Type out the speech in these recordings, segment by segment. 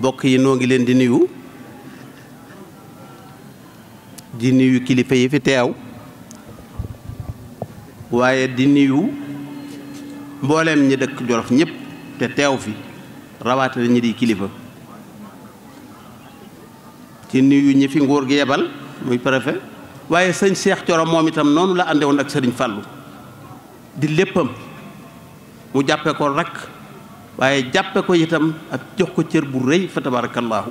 bokk yi noo ngi leen di nuyu di nuyu kilifa yi fi teew waaye di nuyu mbooleem ñi dëkk Jolof ñëpp te teew fi rawaate ñi di kilifa ci nuyu ñi fi nguur gi yebal muy préfet waaye sëñ Cheikh Thioro moom itam noonu la àndewoon ak sëriñ Fallou di léppam mu jàppe ko rek waaye jàppe ko itam ak jox ko cër bu rëy fa tabaarakallaahu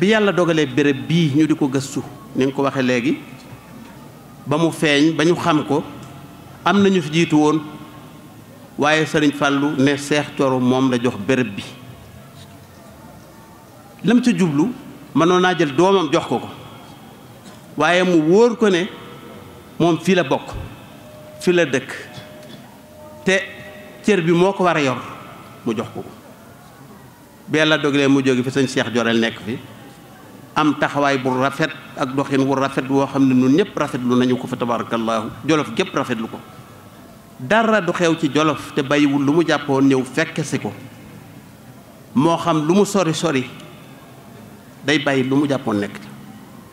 bi yàlla dogalee bërëb bii ñu di ko gëstu ni ko waxee léegi ba mu feeñ ba ñu xam ko am nañu fi jiitu woon waaye sëriñ fàllu ne seex coro moom la jox bërëb bi lam ci jublu mënoon naa jël doomam jox ko ko waaye mu wóor ko ne moom fii la bokk fii la dëkk te cër bi moo ko war a yor mu jox ko ko bee la doglee mu jóge fi sañ Cheikh Jorel nekk fi am taxawaay bu rafet ak doxin wu rafet woo xam ne ñun ñëpp rafetlu nañu ko fa tabaarakallaahu jolof gépp rafetlu ko dara du xew ci jolof te bàyyiwul lu mu jàppoon ñëw fekk si ko moo xam lu mu sori sori day bàyyi lu mu jàppoon nekk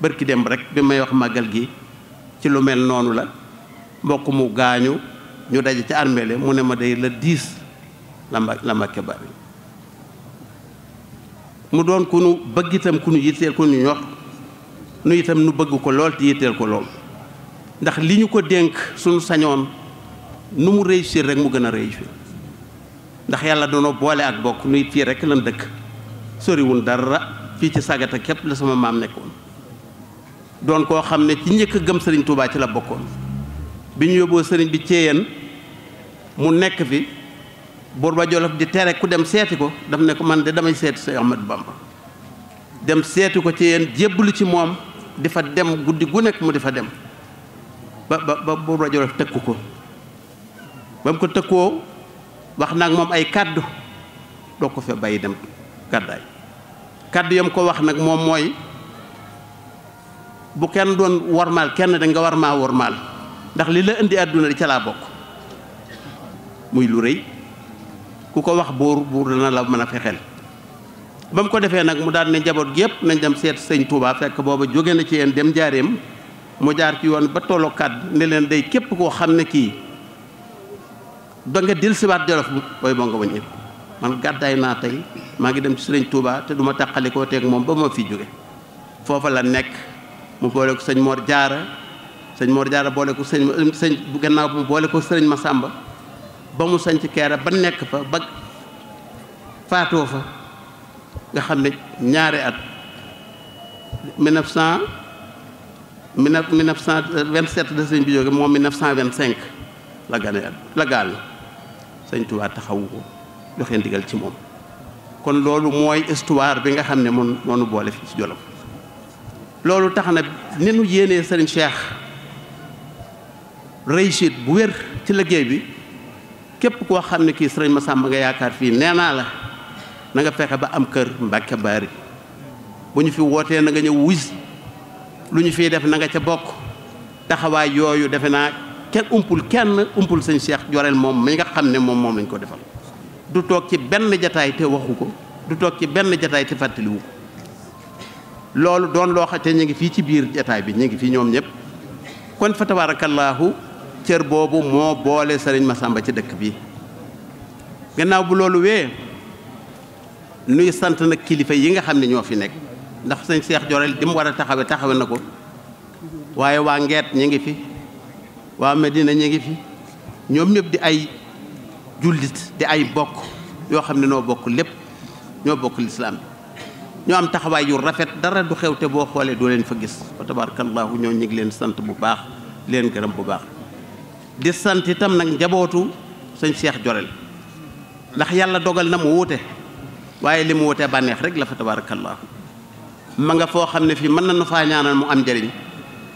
bërki dem rek bi may wax màggal gi ci lu mel noonu la mbokk mu gaañu ñu daje ca armeele mu né ma day le 10 lamba lamba la mu doon ku nu bëgg itam ku nu yittel ku ñu ñox nu itam nu bëgg ko lool te yittel ko lool ndax li ñu ko denk suñu sañoon nu mu réussir rek mu gëna réussir ndax yàlla doonoo boole ak bok nuy fii rek lan dëkk sori soriwun dara fi ci sagata kep la sama mam nekkoon doon koo xam ne ci njëkk gëm sëriñ Touba ci la bokkoon bi ñu yóbboo sëriñ bi ceeyeen mu nek fi buur ba jolof di téré ku dem séti ko daf ne ko man de damay séti ahmed Bamba dem séti ko ci yeen djeblu ci mom di fa dem guddi gu nek mu di dem ba ba ba buur ba jolof tëkku ko ba mu wax nag mom ay kaddu do ko fe baye dem gàddaay kaddu yam ko wax nag mom moy bu kenn doon warmal kenn da nga warma warmal ndax li la indi aduna ci la muy lu rëy ku ko wax buur buur na la mën a fexeel ba mu ko defee nag mu daal ne njaboot gi nañ dem seet sëñ Touba fekk booba jóge na ci yéen dem jaareem mu jaar ci yoon ba tolloo kàdd ne leen day képp koo xam ne kii da nga dellusiwaat Jolof booy bo nga waññi man gàddaay naa tey maa ngi dem ci sëñ Touba te du ma koo teeg moom ba ma fi jóge foofa la nekk mu boole ko sëñ Mor Jaara sëñ Mor Jaara boole ko sëñ sëñ gannaaw boole ko sëñ Masamba ba mu sanc keera ba nekk fa ba faatoo fa nga xam ne ñaari at 1900 1927 da sëñ bi jóge moom 1925 la gane at la gaañu sëñ Tuubaa taxawu ko joxe ndigal ci moom kon loolu mooy histoire bi nga xam ne moom moonu boole fii ci Jolof loolu tax na ni nu yéenee sëriñ Cheikh réussite bu wér ci liggéey bi képp koo xam ne kii sëriñ sàmm nga yaakaar fii nee naa la na nga fexe ba am kër Mbàkke baari bu ñu fi wootee na nga ñëw wis lu ñu fiy def na nga ca bokk taxawaay yooyu defe naa kenn umpul kenn umpul sëñ Cheikh joreel moom mi nga xam ne moom moom lañ ko defal du toog ci benn jataay te waxu ko du toog ci benn jataay te fàttaliwu ko loolu doon loo xam ñu ngi fii ci biir jataay bi ñu ngi fii ñoom ñëpp kon fa tabaarakallaahu cër boobu moo boole sëriñ Masamba ci dëkk bi gannaaw bu loolu wee nuy sant nag kilifa yi nga xam ne ñoo fi nekk ndax sëñ Cheikh Jorel di mu war a taxawe taxawe na ko waaye waa Ngeet ñu ngi fi waa Medina ñu ngi fi ñoom ñépp di ay jullit di ay bokk yoo xam ne noo bokk lépp ñoo bokk lislaam ñoo am taxawaay yu rafet dara du xewte boo xoolee doo leen fa gis oto wa tabarakallahu ñoo ñu ngi leen sant bu baax leen gërëm bu baax di sant itam nag njabootu sëñ Seex Jorel ndax yàlla dogal na mu wuute waaye li mu wuute bànneex rek la fa tabaarakallaahu ma nga foo xam ne fii mën na faa ñaanal mu am njariñ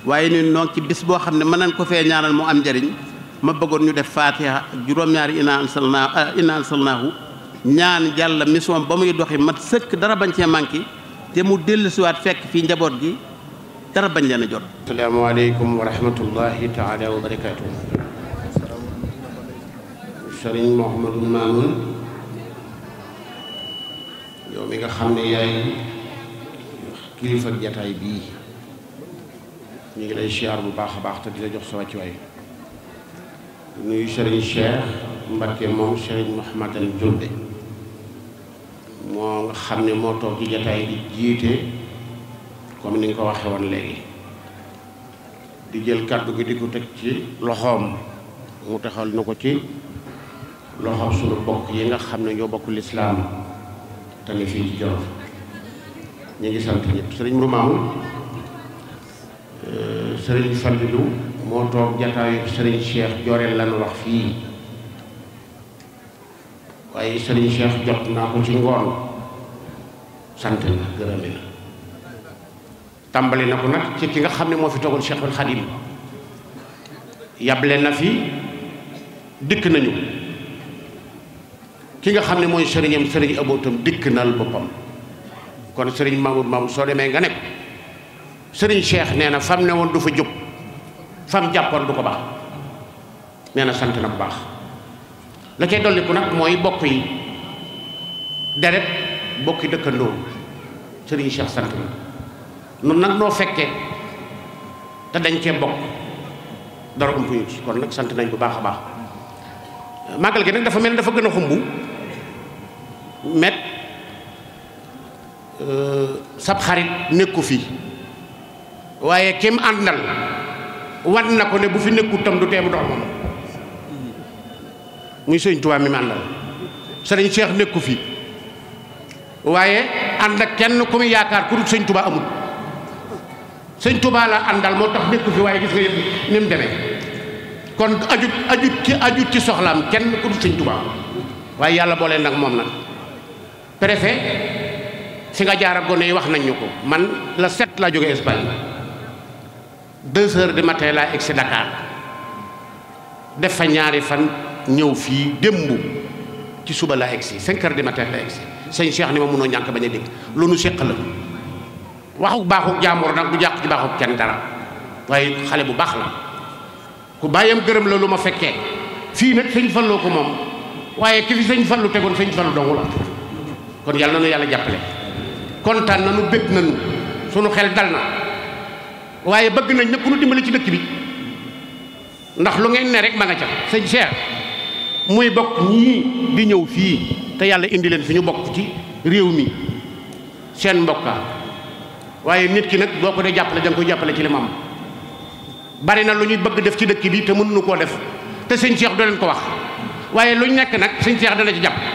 waaye ñun noonu ci bis boo xam ne mën nañ ko fee ñaanal mu am njariñ ma bëggoon ñu def faatiha ak juróom-ñaari inaa ansalnaa eh, inaa ansalnaahu ñaan yàlla mission ba muy doxi mat sëkk dara bañ cee manqué te mu siwaat fekk fii njaboot gi dara bañ leen a jot. asalaamaaleykum wa rahmatullahi taala wa sëriñ Mouhamadou Mamoun yow mi nga xam yaay kilifa jotaay bi ñi ngi lay xiar bu baaxa baax te di la jox sa way nuyu sëriñ Cheikh mom moom sëriñ al Diouldé mo nga xam mo tok ci jotaay di jité comme ni nga ko waxee woon di jël kaddu gi di ko tek ci loxom mu taxal nako ci loxo suñu bokk yi nga xam ne ñoo bokk lislaam te ne fii ci Jolof ñu ngi sant ñëpp sëriñ Rumaam euh, sëriñ Fallilu moo toog jataayu sëriñ Cheikh Joreel lañu wax fii waaye sëriñ Cheikh jot naa ko ci ngoon sant na gërëme na tàmbali na ko nag ci ki nga xam ne moo fi toogal Cheikhul Xadim yable na fi dëkk nañu ki nga xam ne mooy sëriñam sëriñ Abo tam dikk nal boppam kon sëriñ Mamoud Mamoud soo demee nga ne sëriñ Cheikh nee na fam ne woon du fa jóg fam jàppoon du ko baax nee na sant na bu baax la cay dolliku nag mooy bokk yi deret bokki dëkkandoo sëriñ Cheikh sant na nun nag noo fekkee te dañ cee bokk dara ump sant nañ bu baax a baax màggal gi nag dafa mel dafa gën a xumbu met euh, sab xarit nekku fi waaye kem àndal wan na ko ne bu fi nekkul tam du teemu dox moom muy sëñ Tuubaa mi mu àndal sëriñ Cheikh nekku fi waaye ànd kenn ku yaakaar ku dul sëñ Tuubaa amul sëñ Tuubaa la àndal moo tax nekku fi waaye gis nga yëpp demee kon ajut ajut ci ajut ci soxlaam kenn ku dul sëñ Tuubaa waaye yàlla boole nag moom nag préfet si nga jaarab ak gone wax nañu ko man la set la jóge Espagne 2 heures du matin la egsi Dakar def fa ñaari fan ñew fi dembu ci suba la egsi 5 heures du matin la egsi seigne Cheikh ni ma mëno ñank bañ dik lu nu séq la waxu baxu jaamur nak du jàq ci baxu kenn dara waye xalé bu bax la ku bayam gërem la luma ma fi nak seigne fallo ko mom waye ki fi seigne fallu tegoon seigne fallu dongu la kon yalla nañu yalla jappalé kontan nañu bég nañu suñu xel dal na waaye bëgg nañ nag ku dimbali ci dëkk bi ndax lu ngeen ne rek ma nga ca sëñ Cheikh muy bok ñi di ñëw fi te yalla indi leen suñu bok ci réew mi seen mbokka waye nit ki nak boko ko jappalé dang da nga koy jàppale ci limam bari na lu ñuy bëgg def ci dëkk bi te mënuñu ko def te sëñ Cheikh do leen ko wax waye luñu nek nak nag Cheikh dana ci japp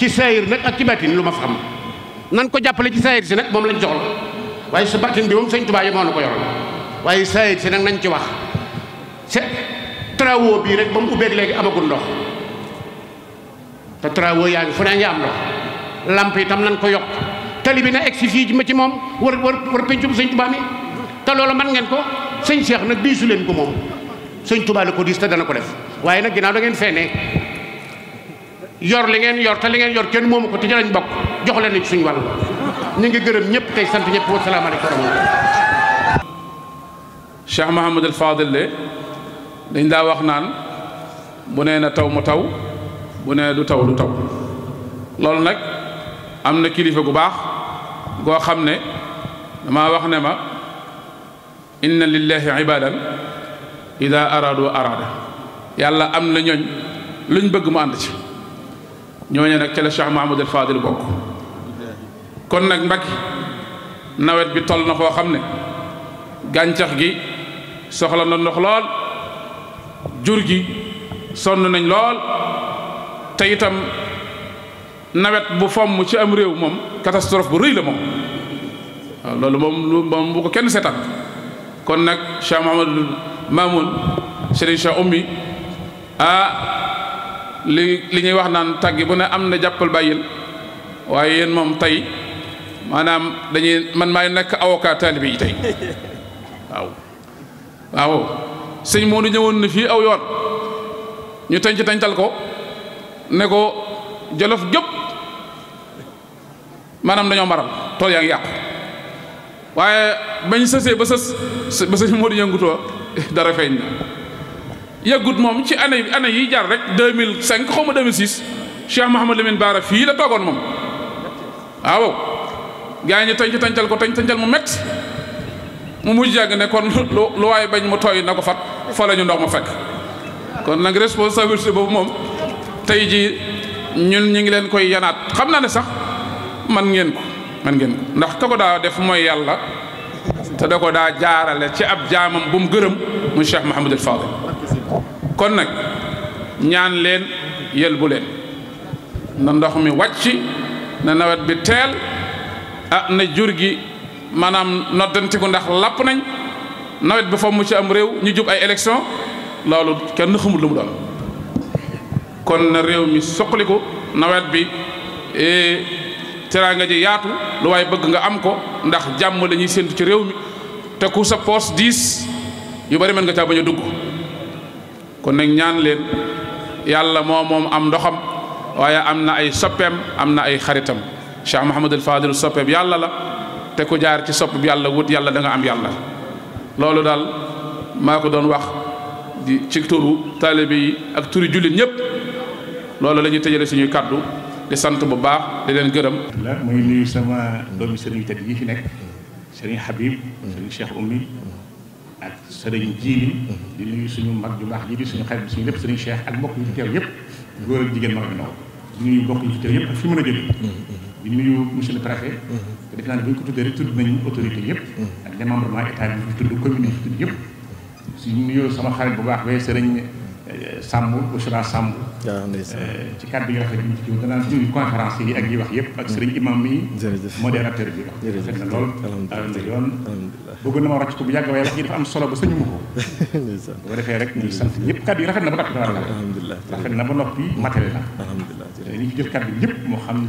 ci saayir nag ak ci baatin lu ma fa xam nan ko jàppale ci saayir si nag moom lañ soxla waaye sa baatin bi moom sëñ Tuubaa yi moo na ko yoral waaye saayir si nag nañ ci wax se travaux bii rek ba mu ubbeeg léegi amagul ndox te travaux yaa ngi fu ne ngi am ndox lamp yi tam nan ko yokk tali bi na egg si fii ma ci moom war war war pencum sëñ Tuubaa mi te loolu man ngeen ko sëñ Cheikh nag diisu leen ko moom sëñ Tuubaa la ko diis te dana ko def waaye nag ginnaaw da ngeen feenee yor li ngeen yor te li ngeen yor kenn moomu ko te ci lañ bokk jox leen ci suñu wàll ñu ngi gërëm ñëpp tey sant ñëpp wa salaamaaleykum wa rahmatulah. dañ daa wax naan bu nee na taw mu taw bu nee du taw du taw loolu nag am na kilifa gu baax goo xam ne damaa wax ne ma inna lillahi ibadan ida araadu araada yàlla am na ñooñ luñ bëgg mu ànd ci. ñooñu nag ca la Cheikh Mahamadul Fadil bokk kon nag Mbacke nawet bi toll na koo xam ne gàncax gi soxla na ndox lool jur gi sonn nañ lool te itam nawet bu fomm ci am réew moom catastrophe bu rëy la moom waaw loolu moom moom bu ko kenn seetaan kon nag Cheikh Mahamadul Mamoun Serigne Cheikh Oumy ah li li ñuy wax naan tàggi bu ne am na jàppal bàyyil waaye yéen moom tey maanaam dañuy man maay nekk avocat taalibe yi tey waaw waaw sëñ Moodu ñëwoon na fii aw yoon ñu tenc tencal ko ne ko jolof gépp maanaam dañoo maral tool yaa ngi yàqu waaye bañ sësee ba sës ba sëñ Moodu yëngutoo dara feeñ na yëggut moom ci année année yi jar rek 2005 xaw ma 2006 Cheikh Mouhamad Lamine Baara fii la toogoon moom waaw gaa ñi toñ ci ko toñ toñcal mu métti mu mujj jàng ne kon lu waaye bañ mu tooy na ko fat fa la ñu ndox ma fekk kon nag responsabilité boobu moom tey ji ñun ñu ngi leen koy yanaat xam naa ne sax man ngeen ko man ngeen ko ndax ka ko daa def mooy yàlla te da ko daa jaarale ci ab jaamam bu mu gërëm mu Cheikh Mouhamadul Fadil kon nag ñaan leen yelbu leen na ndox mi wàcc na nawet bi teel ah na jur gi maanaam noddantiku ndax làpp nañ nawet bi fa mu ci am réew ñu jub ay élection loolu kenn xamul lu mu doon kon na réew mi suqaliku nawet bi eh, teraanga ji yaatu lu waaye bëgg nga am ko ndax jàmm la ñuy ci réew mi te ku sa poos diis yu bari mën nga caa bañ a dugg kon nag ñaan leen yàlla moo moom am ndoxam waaye am na ay soppeem am na ay xaritam Cheikh Mouhamadul Fadil soppeem yàlla la te ku jaar ci sopp yàlla wut yàlla da nga am yàlla loolu daal maa ko doon wax di ci turu taalibe ak turu jullit ñëpp loolu lañuy ñuy tëjale suñuy kàddu di sant bu baax di leen gërëm. la muy nuyu sama doomi sëriñ tëdd yi fi nekk sëriñ sëriñ jiili di nuyu suñu mag ju baax ji di suñu xarit bi suñu lépp sëriñ Cheikh ak mbokk yi fi teew yëpp góor ak jigéen mag ak ndaw di nuyu mbokk yi fi teew yëpp ak fi mën a jóge di nuyu monsieur le préfet te def naa ne bu ko tuddee rek tudd nañu autorité yëpp ak démembrement état bi tudd commune yi fi tudd yëpp suñu nuyoo sama xarit bu baax bee sëriñ euh, Samb Bouchra Samb Eh, ci kàddu yoo xam ne ñu ci jiw danaa jiw conférence yi ak yi wax yëpp ak sëriñ imam mi modérateur bi wax rafet na lool ma rocc ko bu yàgg waaye wax yi dafa am solo ba sëñu ma ko bu ko defee rek ñu sant ñëpp kàddu yi rafet na ba noppi alhamdulilah rafet na ba noppi matériel la ñu jëf kàddu yëpp moo xam mm.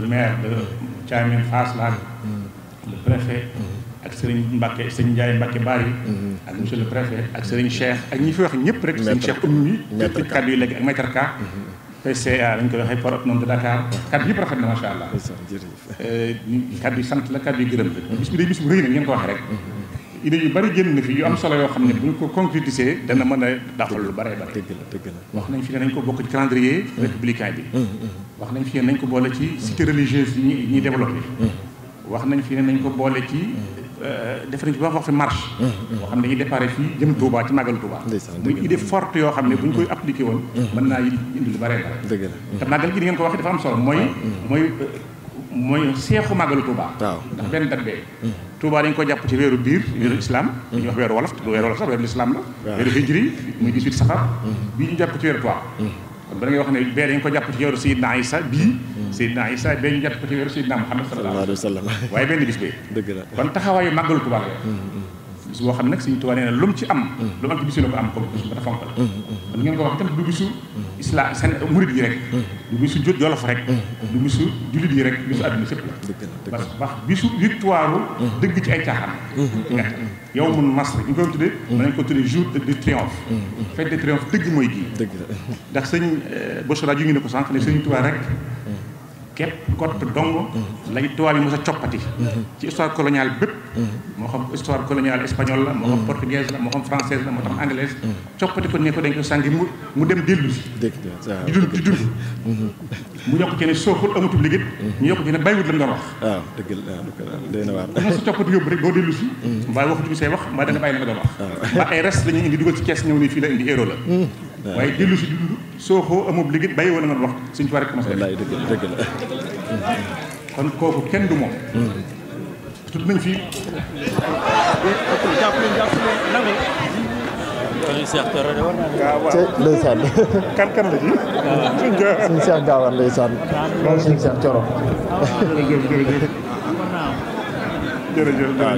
le maire de mm. Thiamène Fass la mm. le préfet ak sëriñ Mbacke sëriñ Ndiaye Mbacke Bari mm-hmm. ak monsieur le préfet ak sëriñ Cheikh ak ñi fi wax ñëpp rek sëriñ Cheikh ummi ci kàddu yi léegi ak maître Ka mm-hmm. PCA lañ koy waxee port autonome de Dakar na macha euh, sant la kàddu yi gërëm la bis bi day bis bu rëy nag ko waxee rek mm-hmm. idée yu bari génn na fi yu am solo yoo xam ne bu ñu ko concrétiser dana mën a dàqal lu bare bare wax nañ fi ne nañ ko bokk ci calendrier républicain bi wax nañ fi ne nañ ko boole ci cité religieuse yi ñuy développé wax nañ fi ne nañ Euh, def nañ ci ba wax fi marche boo fii jëm Touba ci màggalu Touba muy idée forte yoo xam ne bu ñu koy appliqué woon mën naa indi lu bare bare te màggal ngeen ko waxee dafa am solo mooy mooy mooy seexu màggalu Touba ndax benn dat bee Touba dañ ko jàpp ci weeru biir weeru islam dañuy wax weeru wolof te du weeru wolof sax weeru islam la weeru hijri muy 18 safar bii ñu jàpp ci weeru Touba kon ba ngay wax ne bee dañ ko jàpp ci weeru Sayyidna Isa bii Seydina Isa bee ñu jàpp ko ci weeru Seydina Muhammad sallallahu alayhi wa sallam waaye benn bis bee dëgg la kon taxawaayu màggalu Tuubaa la bis mm, mm. boo xam nag Sëriñ Tuubaa nee na mm. la ko am ko bis ba ta fonk la kon ngeen ko wax itam du bisu islam seen murid yi rek du bisu jolof rek du bisu jullit yi rek bisu àdduna sëpp la wax bisu victoire ko tuddee jour de triomphe ngi euh, ne rek Kep kot dong dongo mhm. tubaab yi musa a coppati mhm. ci histoire coloniale bépp mhm. mo xam histoire coloniale espagnole la mo xam portugaise la mo xam française la mo xam anglaise coppati ko ne ko dañ ko sàngi mu mu dem dellu si di dund di dund mu yokk ci ne soofut amatul liggéey ñu yokk ci ne bàyyiwut lam doon wax waaw dëgg la dëgg na waar mos a coppati yóbbu rek boo dellu si mbaa waxatuñu say wax mbaa da nga bàyyi wax ay res indi dugal ci kees ni la indi la si dund sooxoo amub liggéey bàyyi wala nga wax suñ fa rek commencé wallaay dëgg la dëgg la kon kooku kenn du moom hmm. tudd fi fii ndeysaan kan kan la ci suñ Cheikh Gaawaan ndeysaan suñ Cheikh Coro jërëjëf ah,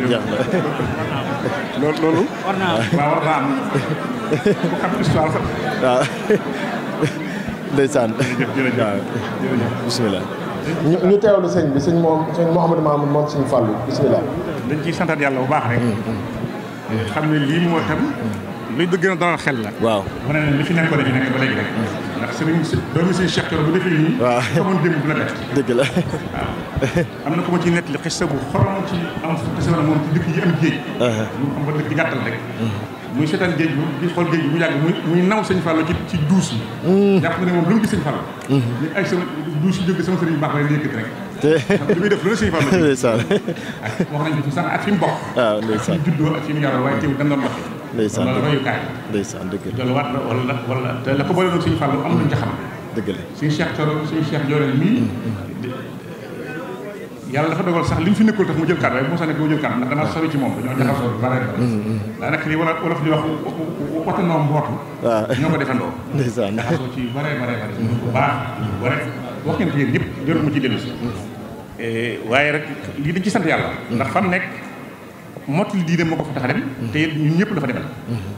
loolu waaw ديسان بسم الله ñu téwlu sëñ bi sëñ mom sëñ mohammed mamoud mom sëñ fallu bismillah dañ ci santat yàlla bu baax rek xam ne lii moo tam luy dëgg na dalal xel la waaw wane ne li fi nekkoon dañu nekk ba léegi rek ndax sëriñ doomi sëñ Cheikh Thioro bu defé ni waaw xamoon démb du la def dëgg la waaw am na ko ma ci nett li xis bu xorom ci am ci sama mom ci dëkk yi am géej ñu am ba dëkk gàttal rek muy seetaan géej bu di xool géej bu mu yàgg muy muy naw sëñ Fallou ci ci duus yi mm. jàpp na ne moom lu mu gis sëñ Fallou ñu mm. ay sama duus yi jóge sama sëriñ fi mu bokk waaw ah, ndeysaan fi mu juddoo ak fi mu yaroo waaye teew dan doon doxe ndeysaan loolu royukaay ndeysaan dëgg am nañ ca xam suñu Cheikh Thioro suñu Cheikh Diorel mii mm. yàlla dafa dogal sax li fi nekkul tax mu jël kàddu waaye bu ma sax nekk doo jël kàddu ndax damaa sori ci moom dañoo jaxasoo lu mm-hmm. bare mm-hmm. mm-hmm. daanaka li wala wolof di wax ñoo ko defandoo jaxasoo ci bare bare bare bu baax bu rek wax ngeen ko yëpp ñëpp ci dellu si eh, waaye rek lii dañ ci sant yàlla ndax fam nekk mottali diine moo ko fa tax a dem te it ñun ñëpp dafa demal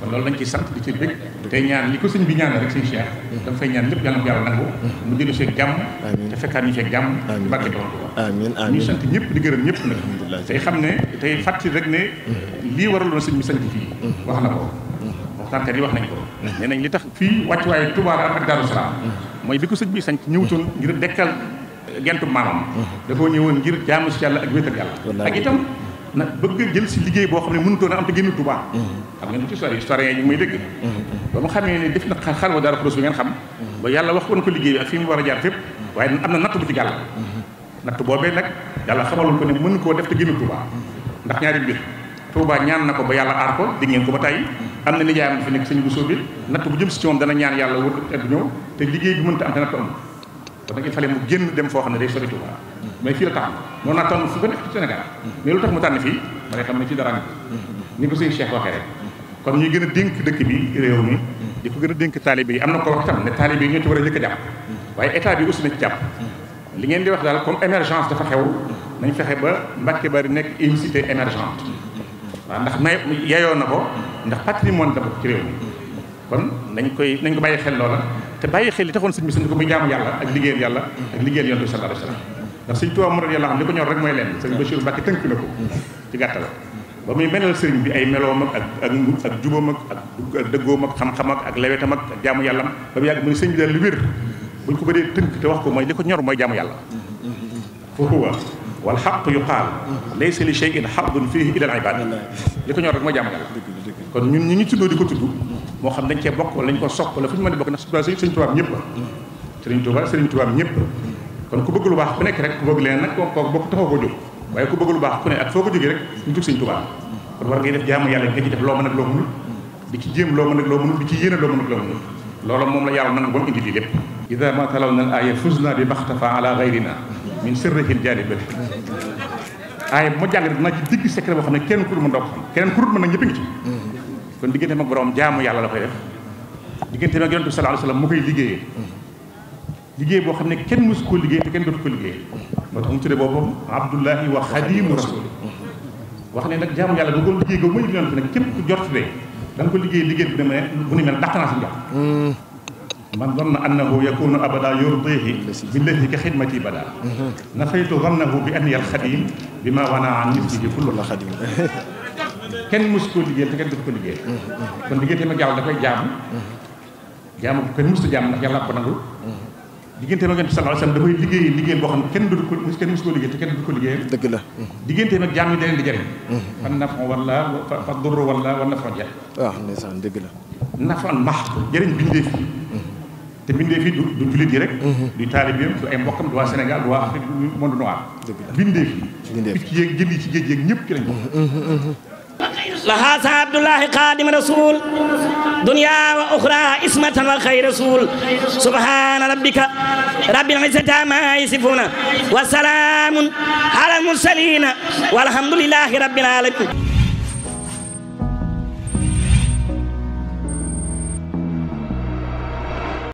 kon loolu dañ ciy sant di ci bëgg tey ñaan li ko sëñ bi ñaan rek sëñ Cheikh dafa fay ñaan lépp yàlla yàlla nangu mu jëlu seeg jàmm te fekkaat ñu seeg jàmm ci barke sant ñëpp di gërëm ñëpp nag tey xam ne tey fàttali rek ne mm-hmm. lii waraloon sëñ bi sant fii mm-hmm. wax na ko mm-hmm. waxtaankat wax nañ ko nee li tax fii wàccuwaayu Touba ak Darou mooy bi ko sëñ bi sant ñëwutoon ngir dekkal gentu maamam dafoo ñëwoon ngir jaamu si yàlla ak wéetal yàlla ak itam nak bëgg jël ci liggéey boo xam ne mënutoon a am te génn tuba mm-hmm. xam nga ci sori historien yi ngi may dégg mm-hmm. ba mu xamee ne def na xar wa dara ko bi ngeen xam mm-hmm. ba yàlla wax woon ko liggéey ak fi mu war a jaar fépp waaye am na natt bu ci gàll natt boobee nag yàlla xamaloon ko ne mënu koo def te génn tuba ndax ñaari mbir tuba ñaan na ko ba yàlla aar ko dégg ngeen ko ba tey am na nijaayam fi nekk sëñ bu sóobi natt bu jëm si ci moom dana ñaan yàlla wër ak ñëw te liggéey bi mënta am te natt am ba nag il fallait mu génn dem foo xam ne day sori tuba mais fii la taxam noonu naa tànn fu ko nekk ci Sénégal mais lu tax mu tànn fii da ngay xam ne ci dara ni ni ko suñu cheikh waxee rek kon ñuy gën a dénk dëkk bi réew mi di ko gën a dénk taalibe yi am na ko wax tam ne taalibe yi ñoo ci war a njëkk a jàpp waaye état bi aussi na jàpp li ngeen di wax daal comme émergence dafa xew nañ fexe ba Mbàkke Bari nekk une cité émergente waaw ndax may yayoo na ko ndax patrimoine la bokk ci réew mi kon nañ koy nañ ko bàyyi xel loola te bàyyi xel li taxoon sëñ yàlla ak liggéeyal yàlla ak liggéeyal ndax sëñ Tuubaa mu radiyallaahu xam li ko ñor rek mooy lenn sëñ Bachir Mbacke tënk na ko ci sëriñ bi ay meloom ak ak ak jubam ak ak dëggoom ak xam-xam ak ak lewetam ak ak jaamu yàlla ba mu yàgg mu ne sëñ bi daal li wér buñ ko bëree tënk te wax ko mooy li ko ñor mooy jaamu yàlla fa huwa wal xaq yuqaal laysa li shay'in xaqun fiihi illa al ibaad li ko kon ñun ñu ñu tuddoo di ko tudd moo xam dañ cee bokk ko sopp wala fu ñu mën di bokk ndax sëñ Tuubaa mm. sëñ Tuubaa sëriñ Tuubaa sëriñ ñëpp kon ku bëgg lu baax ku nekk rek ku bëgg leen nag kooku bokk taxaw koo jóg waaye ku bëgg lu baax ku ne ak foo ko jógee rek ñu tug sëñ Tuubaa kon war ngay def jaamu yàlla nga ci def loo mën ak loo moom la yàlla nangu bon indi lii lépp ida ma talaw na aaya fusna bi maxtafa ala gayrina min sirrihil jaalibat aaya bu ma jàng rek naa ci digg secret boo xam ne kenn ku dul mën doo ko xam keneen ku dul mën nag ñëpp ci kon diggante mag borom jaamu yàlla la koy def diggante mag yonent bi sallallahu alayhi wasallam mu koy liggéeyee liggéey boo xam ne kenn mësu ko liggéey te kenn dootu ko liggéey moo tax mu tudde boppam abdullahi wa xadimu rasul wax ne nag jaamu yàlla bëggoon liggéey ko liggéey fi nag képp ku jort de da nga ko liggéey liggéey bu ne mel bu ne mel dàq naa si njort hmm. man zanna annahu yakunu abada yurdihi billati ka xidmati bada hmm. nafaytu zannahu bi anni alxadim bi ma wana an mislihi kullu la xadim kenn mës koo liggéey te kenn daf ko liggéey hmm, kon liggéey tamit yàlla dafay jaam jaamu kenn mësta jaam ndax yàlla ko nangul diggante ma yonent bi sallallahu alayhi da koy liggéey liggéeyal boo xam ne kenn du ko kenn musu ko liggéey te kenn du ko liggéeyal dëgg la diggante mag jaam yi da mm-hmm. fa durr wala wala nafon ja waaw ah, ndeysaan dëgg la nafon max mm-hmm. te bindeef yi du jullit yi rek mm-hmm. du taalibeem du ay mbokkam du waa Sénégal du waa Afrique du monde noir bindeef yi bindeef yi ci yéeg jën yi ci géej yéeg ñëpp ci lañ لها عبد الله قادم رسول دنيا وأخرى اسمة وخير رسول سبحان ربك رب العزة ما يصفون وسلام على المرسلين والحمد لله رب العالمين